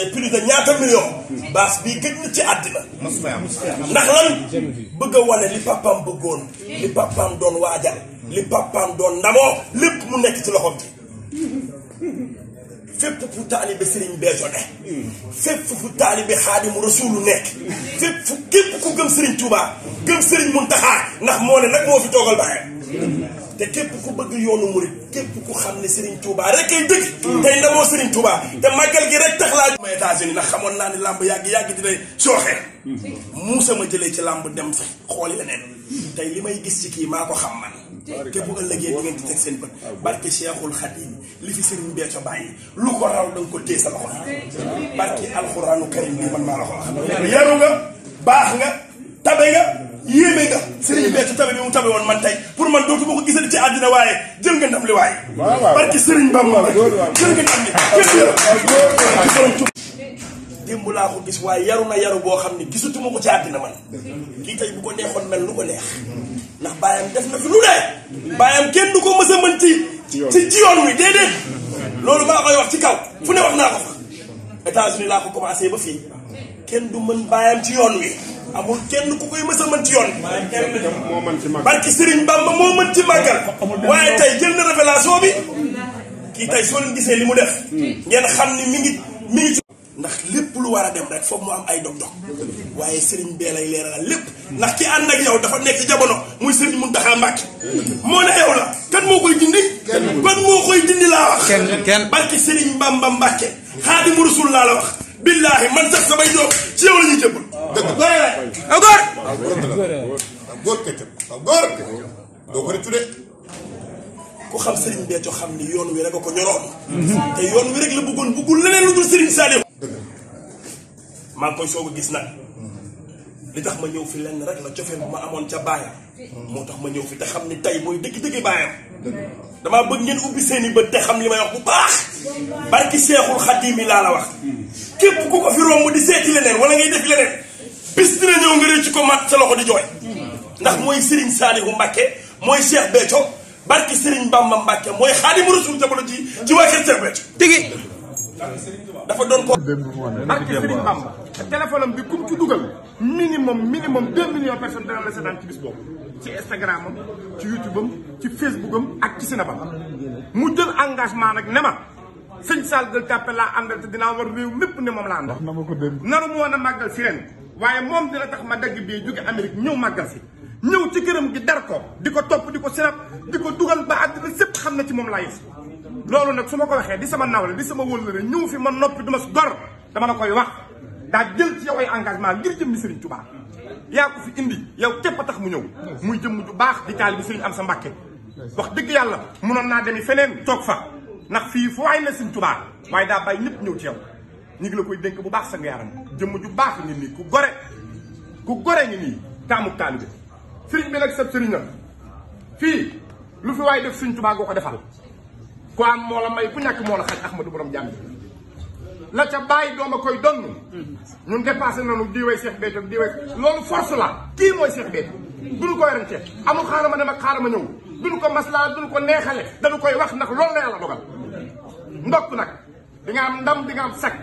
Euh, plus de ñaata million baas bii gëj ci àddina ndax lan bëgg a wane li papaam bëggoon li papaam doon waajal li papaam doon ndamoo lépp mu nekk ci loxoom ji fépp fu taalibe Serigne Béthio ne fépp fu taalibe Xaadimu Rasuulu nekk fépp fu képp ku gëm Serigne Touba gëm Serigne Mountakha ndax moo ne nag moo fi toogal baaye te képp ku bëgg yoonu murit képp ku xam ne Serigne Touba rek ay dëgg. tey ndamoo Serigne Touba. te màggal gi rek tax laa. ma États-Unis ndax xamoon naa ne làmb yàgg yàgg dinañ sooxee. muusa ma jëlee ci làmb dem sax xooli leneen. tey li may gis ci kii maa ko xam man. képp bu ëllëgee di ngeen di teg seen bët barke Cheikhul Khadim li fi Serigne Béthio bàyyi lu ko raw da ko téye sa loxo barke alxuraanu karim bi man maa la ko wax. yaru nga baax nga tabe nga yéeme nga Serigne Béthio tabe bi mu tabe woon man tey pour man dootuma ci àddina waaye jël nga ndam li waaye. waaw waaw barki Serigne Bamba jël nga ndam li démb laa ko gis waaye yaru na yaru boo xam ne gisatuma ko ci àddina man kii tey bu ko neexoon mel lu ko neex ndax baayam def na fi lu ne baayam kenn du ko mës a mën ci ci ci yoon wi déedéet loolu maa koy wax ci kaw fu ne wax naa ko fa États-Unis laa ko commencé ba fii kenn du mën baayam ci yoon wi amul kenn ku koy mës a mën ci yoon bi barki Sëriñ Bamba moo mën ci màggal waaye tey jël na révélation bi kii tey soo leen gisee li mu def hmm. ngeen xam ni mi ngi mi ngi ci ndax lépp lu war a dem rek foog mu am ay dog-dog waaye Sëriñ bee lay leeraal lépp ndax ki ànd ak yow dafa nekk jamono muy Sëriñ Muntaxa Mbàkke moo ne yow la kan moo koy dindi kan moo koy dindi laa wax barki Sëriñ Bamba Mbàkke Xaadimu Rasuul laa la wax billaahi man sax samay doom ci yow la ñuy jëbbal. dëgg la aw góor. aw góor kay jëm aw góor doo ko rëccu de ku xam Serigne Béthio xam ni yoon wi rek a ko ñoroon. te yoon wi rek la bëggoon bëggul leneen lu dul Serigne Saliou. maa ngi koy soog a gis nag li tax ma ñëw fi lenn rek la cofeel bu ma amoon ca baayam moo tax ma ñëw fi te xam ni tey mooy dëgg-dëgg baayam damaa bëgg ngeen ubbi seen i bët te xam li may wax bu baax. barki seexul xaddiim yi laa la wax képp ku ko fi romb di seeti leneen wala ngay def leneen bis dina ñëw nga rëcc ko mat sa loxo di jooy ndax mooy Serigne Saliou Mbacke mooy Cheikh Béthio barki Serigne Bamba Mbacke mooy Xaadimu Rasuul jamono ji ci waa kër Cheikh Béthio dégg dafa doon ko barki Serigne Bamba te téléphone bi kum ci dugal minimum minimum deux millions personnes dana la seetaan ci bis boobu ci Instagram am ci YouTube ci Facebook am ak ci Sénégal mu jël engagement nag ne sëñ Sall Gueule Tapée laa àndal te dinaa war réew mépp ne moom laa àndal. wax na ma ko démb. naru mu woon a màggal si ren waaye moom dina tax ma dagg bii jóge Amérique ñëw màggal si ñëw ci këram gi dar ko di ko topp di ko sinap di ko dugal ba àddina sépp xam na ci moom laa yëf loolu nag su ma ko waxee di sama nawle di sama wëllëre ñëw fi ma noppi du ma si gor dama la koy wax daa jël ci yow ay engagement ngir jëm ni Serigne Touba yaa ko fi indi yow képp a tax mu ñëw muy jëmm ju baax di taal bi Serigne am sa mbàkke wax dëgg yàlla mënoon naa demi feneen toog fa ndax fii fu waay na Sëñ Tuubaa waaye daa bàyyi ñëpp ñëw ci ñu ngi la koy dénk bu baax sa yaram jëmm ju baax ngi nii ku gore ku gore ngi nii taamu taalibe sëriñ bi nag sab sëriñ la fii lu fi waaye def Sëñ Tuubaa goo ko defal ku am moo la may ku ñàkk moo la xaj Ahmadu borom jàmm la ca bàyyi a koy donn ñun dépassé nañu di way Cheikh Béthio di loolu force la kii mooy Cheikh Béthio duñu ko werante amul xaaral ma dem ak xaaral ma ñëw duñu ko maslaa duñu ko neexale dañu koy wax ndax loolu la yàlla ndokk nag di nga am ndam di nga am sag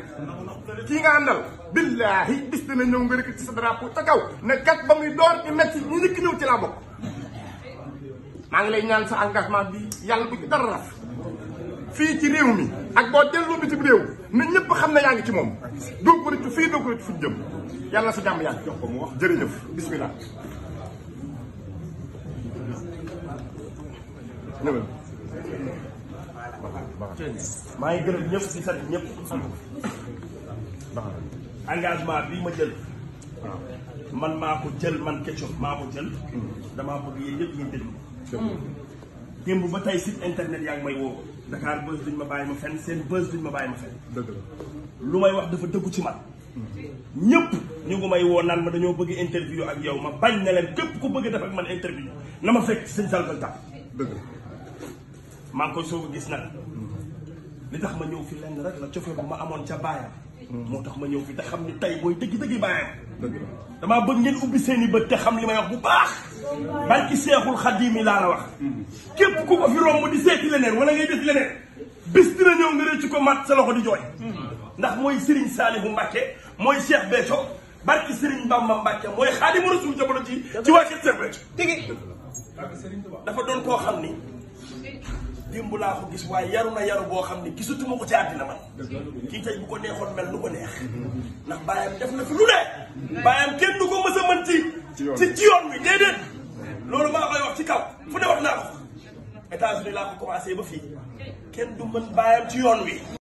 kii nga àndal billaahi bis dina ñëw nga rëkk ci sa drapeau ta kaw ne kat ba muy door di metti ñu njëkk ñëw ci laa bokk maa ngi lay ñaan sa engagement bi yàlla bu ci fii ci réew mi ak boo delloo ci réew na ñëpp xam na yaa ngi ci moom doo ko fii doo ko fu jëm yàlla sa jàmm yàgg jox ko mu wax bismillah maa ngi gërëm ñëpp di sant ñëpp engagement bi ma jël man maa ko jël man Ketchup maa ko jël hmm. damaa bëgg yéen ñëpp ngeen déglu hmm. démb ba tey site internet yaa ngi may woo Dakar Buzz ma bàyyi ma fenn seen Buzz ma bàyyi ma fenn dëgg la may wax dafa dëggu ci man hmm. ñëpp ñu ngi may woo naan ma dañoo bëgg interview ak ma bañ leen képp ku bëgg def ak man interview na ma fekk sëñ Salfal Tap dëgg maa ngi koy soo a gis nag li tax ma ñëw fi lenn rek la cofee bu amoon ca moo tax ma ñëw fi te xam ni tey booy dëgg dëgg baayam damaa bëgg ngeen ubbi seen i bët te xam li may wax bu baax barki seexul xadiimi laa la wax képp ku ko fi romb di seeti leneen wala ngay def leneen bis dina ñëw nga rëcc ko mat sa loxo di jooy ndax mooy Serigne Saliou Mbacké mooy Cheikh Béthio barki Serigne Bamba Mbacké mooy Xaadimu Rasuul jamono ci ci waa Kër Cheikh Béthio dafa doon koo xam ni démb laa ko gis waaye yaru na yaru boo xam ne gisatuma ko ci àddina man kii tey bu ko neexoon mel lu ko neex ndax bàyyam def na fi lu ne bàyyam kenn du ko mës a mën ci ci ci yoon bi déedéet loolu maa koy wax ci kaw fu ne wax naa ko États-Unis laa ko commencé ba fii kenn du mën bàyyam ci yoon wi